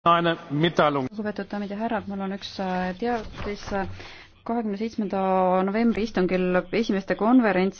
lugupeetud daamid ja härrad, mul on üks äh, teadis äh, kahekümne seitsmenda novembri istungil esimeste konverents